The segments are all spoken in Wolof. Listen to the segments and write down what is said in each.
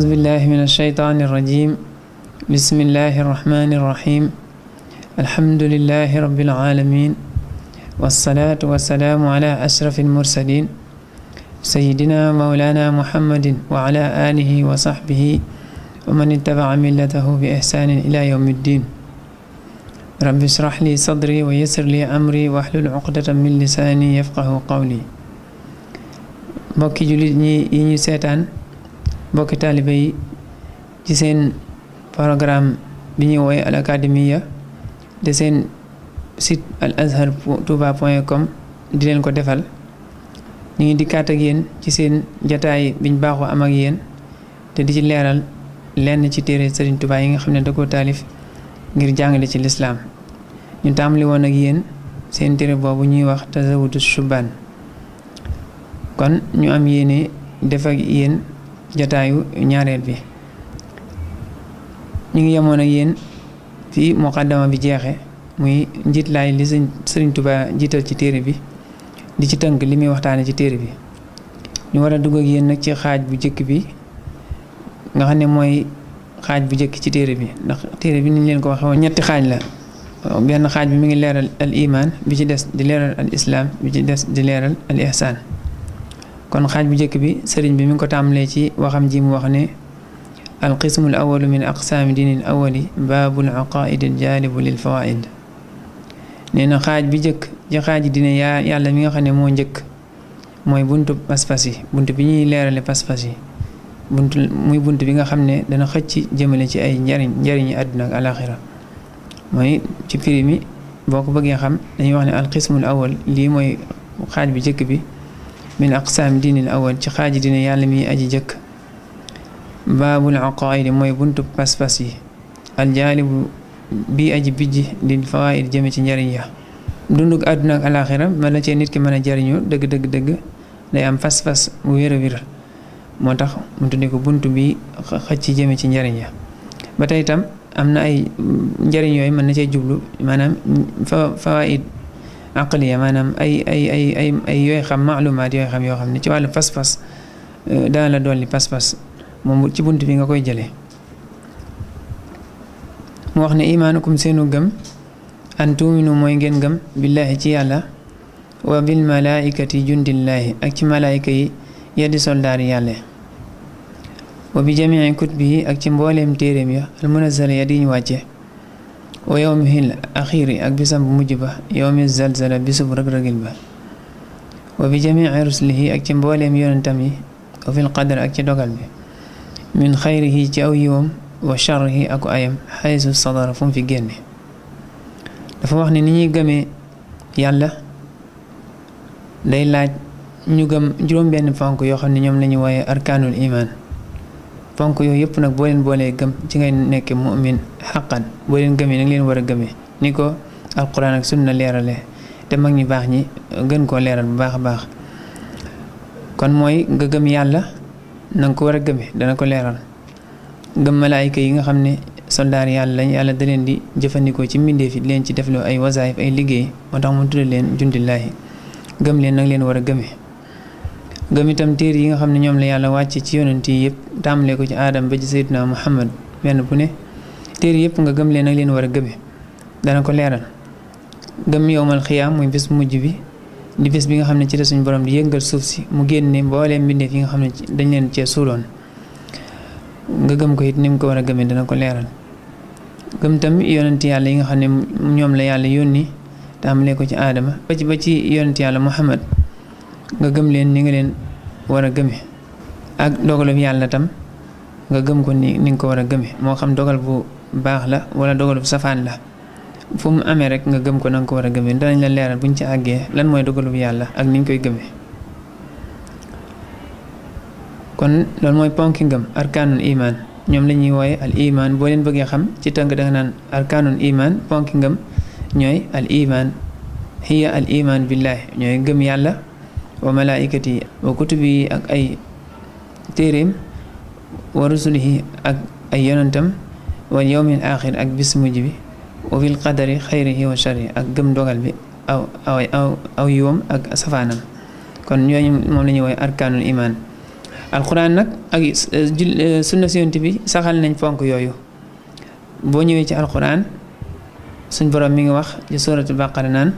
أعوذ بالله من الشيطان الرجيم بسم الله الرحمن الرحيم الحمد لله رب العالمين والصلاة والسلام على أشرف المرسلين سيدنا مولانا محمد وعلى آله وصحبه ومن اتبع ملته بإحسان إلى يوم الدين رب اشرح لي صدري ويسر لي أمري واحلل عقدة من لساني يفقه قولي mbokki jullit ñi yi ñu seetaan mbokki taalibe yi ci seen programme bi ñuy wooye al académia de seen site al azhar touba point com di leen ko defal ñu ngi dikkaat ak yéen ci seen jataay biñ baaxoo am ak yéen te di ci leeral lenn ci téere Sëriñ Touba yi nga xam ne da ko taalif ngir jàngale ci lislaam ñu tàmbali woon ak yéen seen téere boobu ñuy wax tazawudu shubaan kon ñu am yéene def ak jataayu ñaareel bi ñu ngi yamoon a yéen fi muqaddama bi jeexe muy njiit laay li Sëriñ Tuubaa jiital ci téere bi di ci tënk li muy waxtaane ci téere bi ñu war a dugg ak yéen ci xaaj bu jëkk bi nga xam ne mooy xaaj bu jëkk ci téere bi ndax téere bi ni leen ko waxee woon ñetti xaaj la benn xaaj bi mi ngi leeral al iman bi ci des di leeral al islaam bi ci des di leeral al ihsaan kon xaaj bu njëkk bi sëriñ bi mi ngi ko tàmbalee ci waxam ji mu wax ne alqismu al awalu min aqsaami diinil awali baabul aqaaid al jaalibu lil fawaaid nee na xaaj bi njëkk ci xaaj dina yaa yàlla mi nga xam ne moo njëkk mooy bunt pas-pas bi ñuy leerale pas-pas yi buntu muy buntu bi nga xam ne dana xëcc jëmale ci ay njariñ njariñi àdduna ak mooy ci firi mi boo ko bëggee xam dañuy wax ne alqismu al awal lii mooy xaaj bi njëkk bi min aqsaam diinil awal ci xaaji dina yàlla mi aji jëkk baabul aqaaid mooy buntu pas-pas yi aljaalibu bi aji bijj di fawaid jëme ci njariñ ya dunduk àdduna ak alaxira mën na cee nit ki mën a jariñu dëgg dëgg dëgg day am fas-fas bu wér a wér moo tax mu tudde ko bunt bi xëcc ci jëme ci njariñ ya ba tey tam am na ay njariñ yooyu mën na cee jublu maanaam fawaid aqliya maanaam ay ay ay ay ay yooy xam maalumaat yooy xam yoo xam ne ci wàllu pas-pas euh, dana la dolli pas-pas moom ci bunt bi nga koy jële mu wax ne imaanukum seenu gëm an tuuminu mooy ngeen gëm billaahi ci yàlla wa bil malaaikati jundillaahi ak ci malaayika yi yeddi soldaar yàlla wa bi jamii kutbi yi ak ci mbooleem téeréem ya al munazala ya ñu wàcce wa yowmihil axiiri ak bisam bu mujj ba yowmi zalzala bisub rëg-rëgil ba wa bi jamii rusulihi ak ci mbooleem yonentam yi wa fil qadar ak ci dogal bi min xayrihi ci aw yiwam wa charrihi ak ayam xaysu sadara fu fi génne dafa wax ne ni ñuy gëmee yàlla day laaj ñu gëm juróom-benn ponk yoo xam ne ñoom la ñu wooye arkaanul imaan ponk yooyu yëpp nag boo leen boolee gëm ci ngay nekkee mu'min xaqan boo leen gëmee nag leen war a gëmee ni ko alquran ak sunna leeralee te mag ñi baax ñi gën koo leeral bu baax a baax kon mooy nga gëm yàlla na ko war a gëmee dana ko leeral gëm malaayika yi nga xam ne soldaar yàlla lañ yàlla da leen di jëfandikoo ci mbindeef yi leen ci def loo ay wasaayif ay liggéey moo tax mu tudde leen jundillaahi gëm leen nag leen war a gëmee gëm itam téere yi nga xam ne ñoom la yàlla wàcce ci yonent yi yëpp tàmbalee ko ci aadam ba ci sayyidina muhammad benn bu ne téere yëpp nga gëm leen ak leen war a gëme dana ko leeral gëm yowmal xiyaam muy bés mujj bi di bi nga xam ne ci la suñu borom di yëngal suuf si mu génne mbooleem mbindeef yi nga xam ne dañ leen cee suuloon nga ko it ni ko war a gëmee dana ko leeral gëm tam yonent yàlla yi nga xam ne ñoom la yàlla yónni tàmbalee ko ci adama ba ci ba ci yonent yàlla muhammad nga gëm leen ni nga leen war a gëme ak dogalum yàlla tam nga gëm ko ni ni nga ko war a gëme moo xam dogal bu baax la wala dogalub safaan la fu mu amee rek nga gëm ko na ko war a gëme danañ la leeral buñ ci àggee lan mooy dogalub yàlla ak niñ koy gëme kon loolu mooy ponki ngëm arkaanul imaan ñoom la ñuy wooye al imaan boo leen bëggee xam ci tënk danga naan arkaanul imaan ponki ngëm ñooy al imaan hiya al imaan billahi ñooy gëm yàlla wa malaayikati wa kutubi ak ay téeréem wa rusulihi ak ay yonantam wal yawmil aaxir ak bis bi wa fil qadari xayrihi wa sharrihi ak gëm dogal bi aw aw ak safaanam kon ñooñu moom la ñuy woowee arkaanul imaan alxuraan nag ak eh, sunna si bi saxal nañ fonk yooyu boo ñëwee ci alxuraan suñ borom mi ngi wax ci suratul baqara naan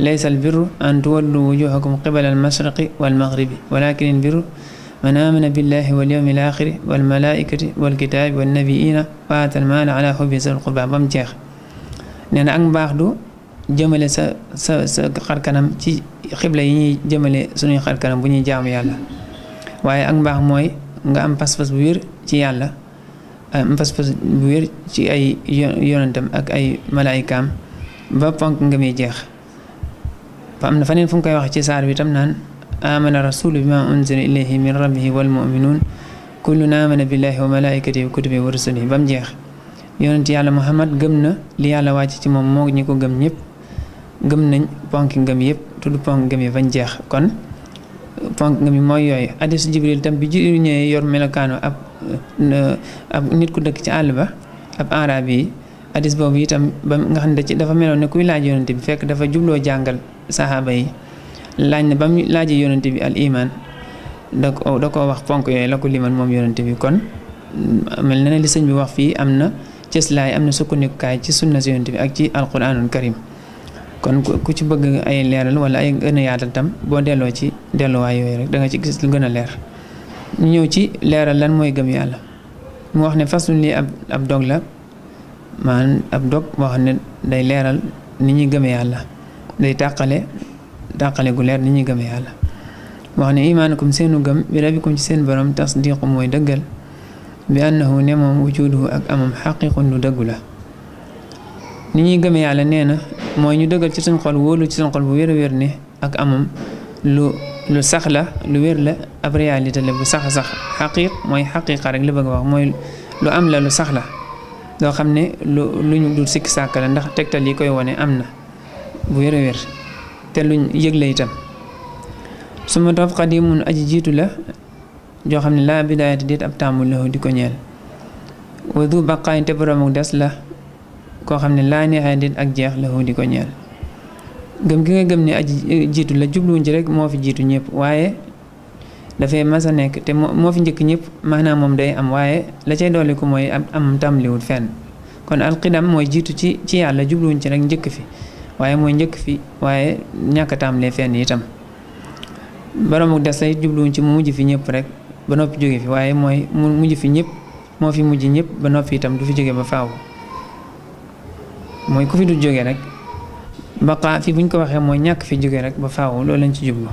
ليس البر أن تولوا وجوهكم قبل المشرق والمغرب ولكن البر من آمن بالله واليوم الآخر والملائكة والكتاب والنبيين وآتى المال على حب ذوي القربى ba mu jeex nee ak mbaax du jëmale sa sa xar kanam ci xibla yi ñuy jëmale suñuy xar kanam bu ñuy jaamu yàlla waaye ak mbaax mooy nga am pas-pas bu wér ci yàlla am pas-pas bu wér ci ay yonentam ak ay malaayikaam ba ponk nga muy jeex am na faneen fu mu koy wax ci saar bi tam naan amana rasulu bi ma unzila ilayhi min rabbihi wal muminuun kullun amana billahi wa malaikatihi wa kutubihi wa rusulihi ba mu jeex yonent yàlla muhammad gëm na li yàlla wàcc ci moom moo ñi ko gëm ñëpp gëm nañ ponk ngëm yëpp tudd ponk gëm yi bañ jeex kon ponk ngëm yi mooy yooyu hadiisu jibril tam bi ji ñëwee yor melokaanu ab nit ku dëkk ci àll ba ab arab yi hadiis boobu itam ba nga xam ne dafa meloon ne kuy laaj yonent fekk dafa jubloo jàngal saxaaba yi laañ na ba mu laajee yonante bi al imaan da ko da koo wax ponk yooyu la ko liman moom yonante bi kon mel na ne li sëñ bi wax fii am na cëslaay am na sukkandikukaay ci sunna si yonante bi ak ci alquranul karim kon ku ci bëgg ay leeral wala ay gën a yaatal tam boo delloo ci delluwaay yooyu rek danga ci gis lu gën a leer ñu ñëw ci leeral lan mooy gëm yàlla mu wax ne fas lii ab ab dog la maanaam ab dog moo xam ne day leeral ni ñuy gëme yàlla day tàqale tàqale gu leer ni ñuy gëmee yàlla wax ne imaanukum seenu gëm bi rabbikum ci seen borom tasdiqu mooy dëggal bi annahu ne moom wujuduhu ak amam xaqiqun lu dëggu la ni ñuy gëmee yàlla nee na mooy ñu dëggal ci suñ xol wóolu ci suñ xol bu wér a wér ne ak amam lu sax la lu wér la ab réalité la bu sax a sax xaqiq mooy xaqiqa rek la bëgg a wax mooy lu am la lu sax la doo xam ne lu lu ñu dul la ndax tegtal yi koy wone am na bu wér wér te luñ yëg la itam su ma topp xadimun aji jiitu la joo xam ne laa bidaaya te déet ab tàmbul la di ko ñeel wadu baqaay te boroomu des la koo xam ne laa neexee déet ak jeex la di ko ñeel gëm gi gëm ne aji jiitu la jubluwuñ ci rek moo fi jiitu ñëpp waaye dafay masa nekk te moo fi njëkk ñépp maanaam moom day am waaye la cay dolli ko mooy am tàmbaliwul fenn kon alxidam mooy jiitu ci ci yàlla jubluwuñ ci rek njëkk fi waaye mooy njëkk fi waaye ñàkk a tàmbalee fenn itam boroom ak des ay jubluwuñ ci mu mujj fi ñëpp rek ba noppi jóge fi waaye mooy mu mujj fi ñëpp moo fi mujj ñëpp ba noppi itam du fi jóge ba faaw mooy ku fi du jóge rek baqaa fi buñ ko waxee mooy ñàkk fi jóge rek ba faaw loolu lañ ci jublu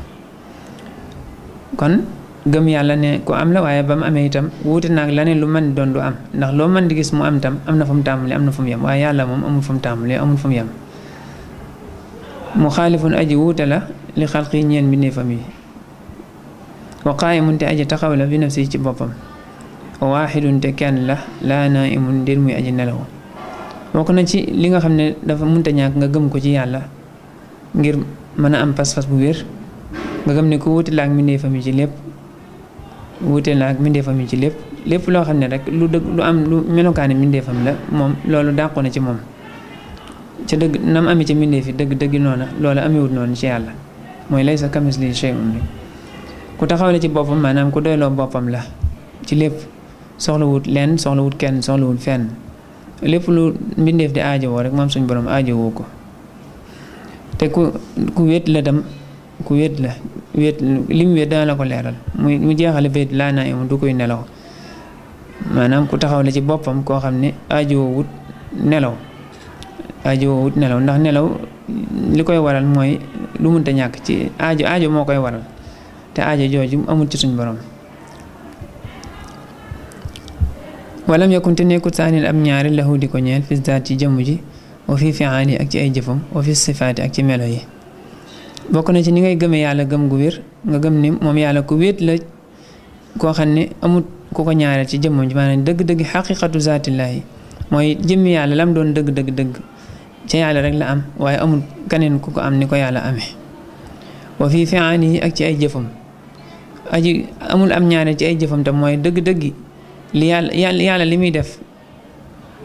kon gëm yàlla ne ku am la waaye ba mu amee itam wuute naag la ne lu man doon du am ndax loo man di gis mu am itam am na fu mu tàmbalee am na fu mu yem waaye yàlla moom amul fu mu tàmbalee amul fu mu mu xaalifun aji wuute la li xalqi ñeen mbindeefam yi wa qaayimun te aji taxaw la bi si ci boppam wa waaxidun te kenn la laa naaimun ndir muy aji nelaw bokk na ci li nga xam ne dafa munta ñàkk nga gëm ko ci yàlla ngir mën a am pas-pas bu wér nga gëm ne ku wuute la ak mbindeefam yi ci lépp wuute la ak mbindeefam ci lépp lépp loo xam ne rek lu dëgg lu am lu melokaani mbindeefam la moom loolu dàqu na ci moom ci dëgg nam ame ci mbindeef yi dëgg dëgg noona ame wut noonu ci yàlla mooy lay sa laysa kamislihi shay'un ku taxaw taxawle ci boppam maanaam ku doyloo boppam la ci lépp soxlawut lenn wut kenn soxlawut fenn lépp lu mbindeef di aajowoo rek moom suñu borom aajowoo ko te ku ku wét la dem ku wét la wét li mu wét ko leeral muy mu jeexale bayt laa naa imu du koy nelaw maanaam ku taxaw taxawle ci boppam koo xam ne aajowut nelaw ajo wut nelaw ndax nelaw li koy waral mooy lu mënta ñàkk ci ajo ajo moo koy waral te ajo aajo mu amul ci suñ borom walam yakun te nekkut saanil am ñaari lahu di ko ñeel fi ci jëmm ji fi ak ci ay jëfam wa sifaati ak ci melo yi bokk na ci ni ngay gëmee yàlla gëm gu wér nga gëm ni moom yàlla ku wéet la koo xam ne amut ku ko ñaareel ci jëmmam ji dëgg-dëgg xaqiqatu zaatillaahi mooy jëmmi yàlla lam doon dëgg-dëgg dëgg ca yàlla rek la am waaye amul keneen ku ko am ni ko yàlla amee wa fii fi'aalihi ak ci ay jëfam aji amul am ñaare ci ay jëfam tam mooy dëgg-dëgg li yàlla yàlla li muy def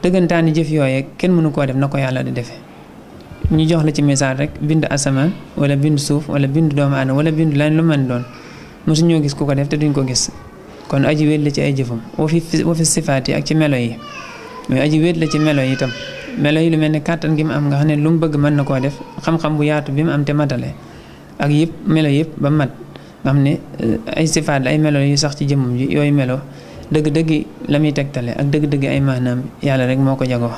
dëggantaani jëf yooye kenn mënu koo def na ko yàlla di defe ñu jox la ci misaal rek bind asamaan wala bind suuf wala bind doomu aadama wala bind lan lu mën doon ñoo gis ku ko def te duñ ko gis kon aji wéet la ci ay jëfam wa fi sifaat yi ak ci melo yi mais aji wéet la ci melo yi melo yi lu mel ne kàttan gi mu am nga xam ne lu mu bëgg mën na koo def xam-xam bu yaatu bi mu am te matale ak yëpp melo yëpp ba mat nga xam ne eh, ay sifaat ay melo yu sax ci jëmmum ji yooyu melo dëgg-dëgg la muy tegtale ak dëgg-dëgg ay maanaam yàlla rek moo ko jagoo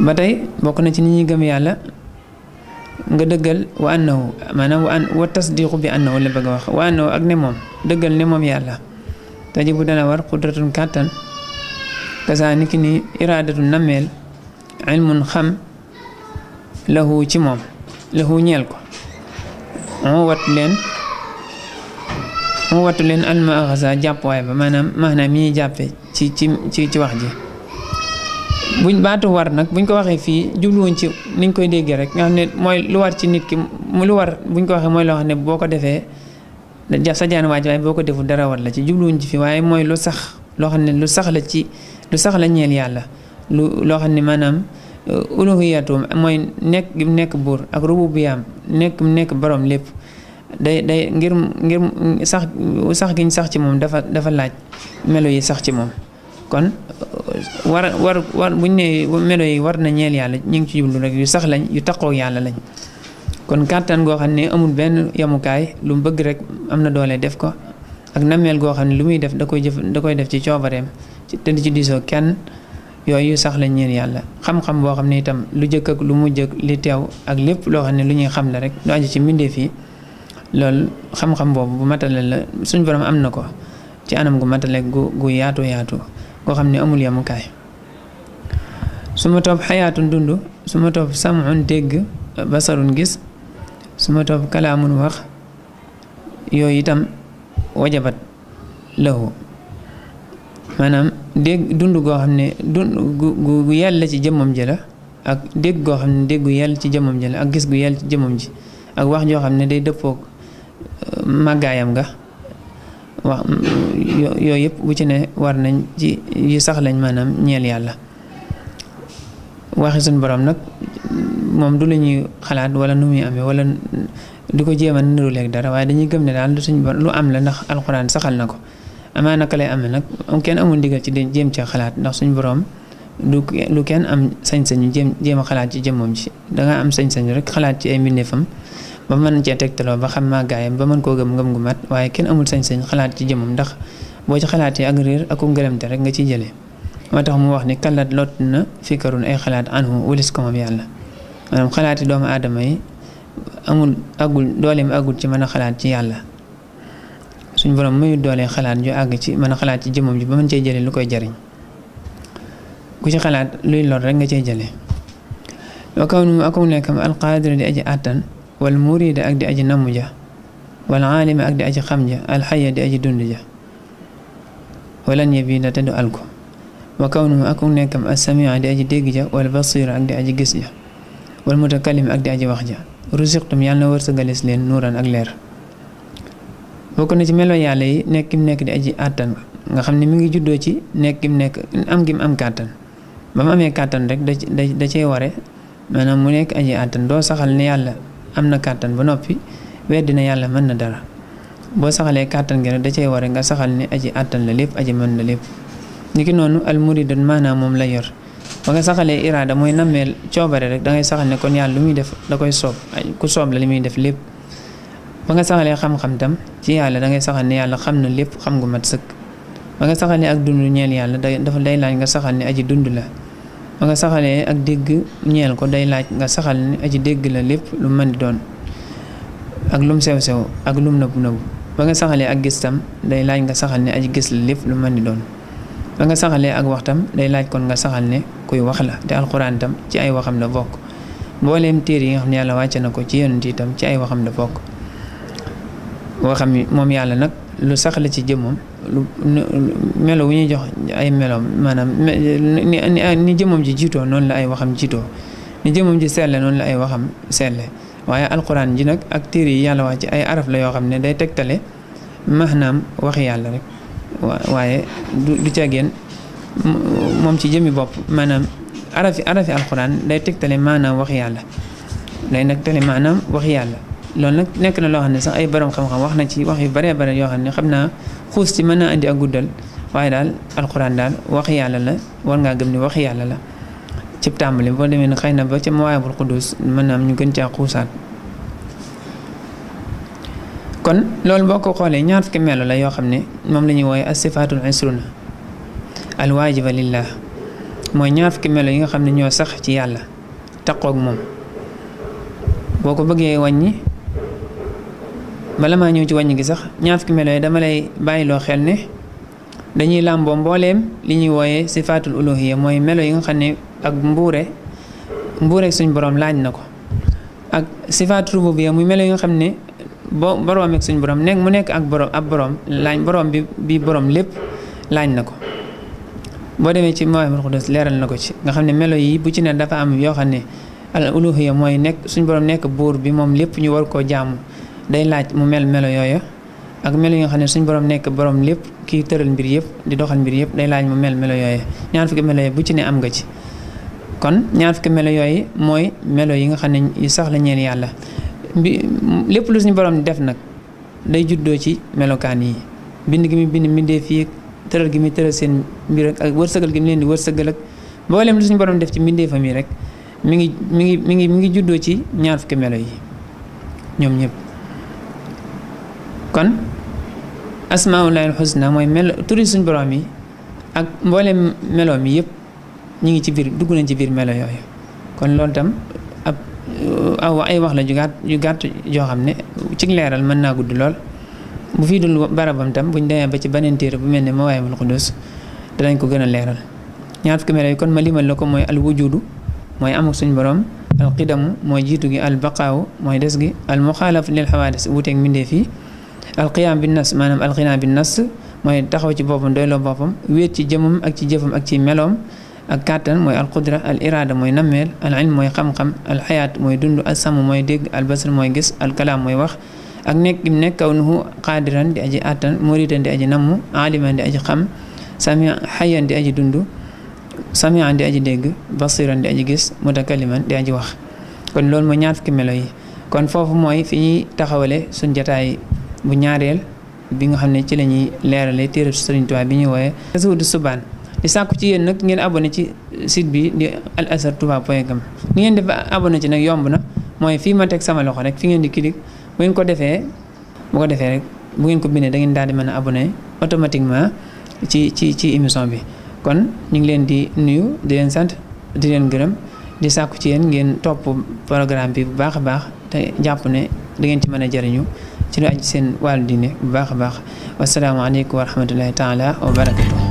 ba tey bokk na ci ni ñuy gëm yàlla nga dëggal wa annahu maanaam wa an wa tasdiqu bi annahu la bëgg a wax wa annahu ak ne moom dëggal ne moom yàlla tajibu dana war qudratun kàttan kasaa ni ki ni iraadatu nammeel ilmun xam lahu ci moom lahu ñeel ko mu wattu leen mu wattu leen alma axasa jàppuwaay ba maanaam maanaam yi ñuy jàppe ci ci ci wax ji buñ baatu war nag buñ ko waxee fii jubluwuñ ci niñ koy déggee rek nga xam ne mooy lu war ci nit ki mu lu war buñ ko waxee mooy loo xam ne boo ko defee da sa jaan waaj waaye boo ko deful dara war la ci jubluwuñ ci fii waaye mooy lu sax loo xam ne lu sax la ci lu sax la ñeel yàlla lu loo xam ne maanaam euh, uluhiyatum mooy nekk gi mu nekk buur ak rububiyaam nekk mu nekk boroom lépp day day ngir ngir sax sax giñ sax ci moom dafa dafa laaj melo yi sax ci moom kon euh, war war war buñ ne melo yi war na ñeel yàlla ñu ngi ci jublu rek yu sax lañ yu taqoog yàlla lañ kon kàttan goo xam ne amul benn yamukaay lu mu bëgg rek am na doole def ko ak nammeel goo xam ne lu muy def da koy jëf da koy def ci coobareem ci tëdd ci diisoo kenn yooyu sax la ñeen yàlla xam-xam boo xam ne itam lu jëkk lu mu ak li teew ak lépp loo xam ne lu ñuy xam la rek lu ci mbindeef yi loolu xam-xam boobu bu matale la suñ borom am na ko ci anam gu matale gu yaatu yaatu goo xam ne amul yemukaay su ma topp xayaatun dund su ma topp samun dégg basarun gis su ma topp kalaamun wax yooyu itam wajabat lahu maanaam dégg dund goo xam ne dund gu gu yàlla ci jëmmam ji la ak dégg goo xam ne déggu yàlla ci jëmmam ji la ak gis gu yàlla ci jëmmam ji ak wax joo xam ne day dëppoog euh, màggaayam nga wax yooyu yëpp bu ci ne war nañ ci yu sax lañ maanaam ñeel yàlla waxi suñ borom nag moom du la xalaat wala nu muy amee di ko jéem a niruleeg dara waaye dañuy gëm ne daal lu suñ lu am la ndax alxuraan saxal na ko amaa naka lay am na nag kenn amul ndigal ci de jéem ci xalaat ndax suñ boroom du lu kenn am sañ-sañu jéem jéem a xalaat ci jëmmam ci danga am sañ-sañu rek xalaat ci ay mbindeefam ba mën cee tegtaloo ba xam màggaayam ba mën koo gëm ngëm gu mat waaye kenn amul sañ-sañ xalaat ci jëmmam ndax boo ci xalaatee ak réer ak ngërëmte rek nga ciy jëlee moo tax mu wax ni kallat lott na fikkarun ay xalaat anhu wulis ko yàlla amul àggul dooleem àggul ci mën a xalaat ci yàlla suñ borom mayut doole xalaat ju àgg ci mën a xalaat ci jëmmam ji ba mën cee jëlee lu koy jariñ ku ci xalaat luy lor rek nga cee jëlee wa kawnu akum nekkam àttan wal murida ak di aji namu ja wal di aji xam ja alxaya di aji dund ja walan yabida te du alko wa kawnu akum nekkam alsamia di aji dégg ja wal basira ak di aji gis ja wal mutakalim ak di aji wax ja rusiqtum yàlla na war sa wërsëgalees leen nuuraan ak leer bokk na ci melo yàlla yi nekk kim nekk di aji àttan nga xam ne mu ngi juddoo ci nekk mu nekk am gim am kàttan ba mu amee kàttan rek da da da cee ware maanaam mu nekk aji àttan doo saxal ne yàlla am na kàttan ba noppi weddi na yàlla mën na dara boo saxalee kàttan gi rek da cee ware nga saxal ne aji àttan la lépp aji mën na lépp niki noonu almuridan maanaam moom lay yor ba nga saxalee iraada mooy nammeel coobare rek dangay ngay saxal ne kon yàlla lu muy def da koy soob ku soob la li muy def lépp ba nga saxalee xam-xam tam ci yàlla dangay ngay saxal ne yàlla xam na lépp xam gu mat sëkk ba nga saxalee ak dund ñeel yàlla day dafa day laaj nga saxal ne aji dund la ba nga saxalee ak dégg ñeel ko day laaj nga saxal ne aji dégg la lépp lu mën di doon ak lum sew sew ak lum nëbbu nëbbu ba nga saxalee ak gis tam laaj nga saxal ne aji gis la lépp lu mën di doon nga saxalee ak waxtam day laaj kon nga saxal ne kuy wax la te alquran itam ci ay waxam la bokk mbooleem téere yi nga xam ne yàlla wàcce na ko ci yonent itam ci ay waxam la bokk waxam moom yàlla nag lu sax la ci jëmmam lu melo wu ñuy jox ay meloom maanaam ni jëmoom ji jiitoo noonu la ay waxam jiitoo ni jëmmam ji selle noonu la ay waxam le waaye alquran ji nag ak téere yi yàlla wàcce ay araf la yoo xam ne day tegtale maanaam waxi yàlla rek waaye du du moom ci jëmmi bopp maanaam arafi arafi alxuraan day tegtale maanaam wax yàlla day nag tegtale maanaam wax yàlla loolu nag nekk na loo xam ne sax ay borom xam-xam wax na ci wax yu bare bare yoo xam ne xam naa xuus ci mën naa andi ak guddal waaye daal alxuraan daal wax la war ngaa gëm ni wax la cib tàmbali boo demee xëy na ba ca mawaayabul xudus mën naa ñu gën caa xuusaat kon loolu boo ko xoolee ñaar fukki melo la yoo xam ne moom la ñuy wooye as sifaatul isruna alwaajiba lillah mooy ñaar fukki melo yi nga xam ne ñoo sax ci yàlla taqoog moom boo ko bëggee waññi bala maa ñëw ci wàññi gi sax ñaar fukki melo yi dama lay bàyyiloo xel ne dañuy làmboo mbooleem li ñuy wooyee sifaatul uluhiya mooy melo yi nga xam ne ak mbuure mbuureeg suñ borom laaj na ko ak sifaatu rububiya muy melo yi nga xam ne bo boroomeeg suñu boroom nekk mu nekk ak borom ab boroom laaj boroom bi bi borom lépp laaj na ko boo demee ci Mawaahibul Quddus leeral na ko ci nga xam ne melo yi bu ci ne dafa am yoo xam ne al uluhiyya mooy nekk suñ borom nekk buur bi moom lépp ñu war koo jaamu day laaj mu mel melo yooya ak melo yi xam ne suñ borom nekk borom lépp kii tëral mbir yëpp di doxal mbir yëpp day laaj mu mel melo yooyu ñaar fukki melo yooyu bu ci ne am nga ci kon ñaar fukki melo yooyu mooy melo yi nga xam ne yu sax la ñeen yàlla bi lépp lu suñ borom def nag day juddoo ci melokaan yi bind gi mu bind mbindee fii tëral gi mi tëral seen mbir ak wërsëgal gi mu leen di wërsëgal ak mboolem lu suñu borom def ci mbindeefam yi rek mi ngi mi ngi mi ngi mi ngi juddoo ci ñaar fukki melo yi ñoom ñëpp kon asmaullahil husna mooy melo turi suñ borom yi ak mboolem melo mi yëpp ñu ngi ci biir dugg nañ ci biir melo yooyu kon loolu tam ab aw ay wax la ju gàtt joo xam ne ci leeral mën naa gudd lool bu fi dul barabam tam buñ demee ba ci beneen téere bu mel ne Mawaahibul Quddus danañ ko gën a leeral ñaar fukki melo yi kon ma limal la ko mooy al wujudu mooy amuk suñ boroom al qidamu mooy jiitu gi al baqaawu mooy des gi al muxaalaf lil xawaadis wuuteeg mbindeef yi al qiyaam bi nas maanaam al qinaa bi nas mooy taxaw ci boppam doyloo boppam wéet ci jëmam ak ci jëfam ak ci meloom ak kàttan mooy al qudra al iraada mooy nammeel al ilm mooy xam-xam al xayaat mooy dund al sàmm mooy dégg al basar mooy gis al kalaam mooy wax ak nekk gi mu nekk kawnuhu di aji attan muridan di aji namm aliman di aji xam sami xayan di aji dund samian di aji dégg basiran di aji gis mutakaliman di aji wax kon loolu mooy ñaar fukki melo yi kon foofu mooy fi ñuy taxawale suñ jataay bu ñaareel bi nga xam ne ci la ñuy leerale téere Sëriñ Tuubaa bi ñuy wooye Zuhdu Subaan di sàkku ci yéen nag ngeen abonné ci site bi di al azhar touba point com ni ngeen def abonné ci nag yomb na mooy fii ma teg sama loxo rek fi ngeen di cliquer bu ngeen ko defee bu ko defee rek bu ngeen ko bindee da ngeen daal di mën a abonné automatiquement ci ci ci émission bi kon ñu ngi leen di nuyu di leen sant di leen gërëm di sàkku ci yéen ngeen topp programme bi bu baax a baax te jàpp ne da ngeen ci mën a jariñu ci lu aj seen wàllu diine bu baax a baax wasalaamaaleykum wa rahmatullahi taala wa barakatuh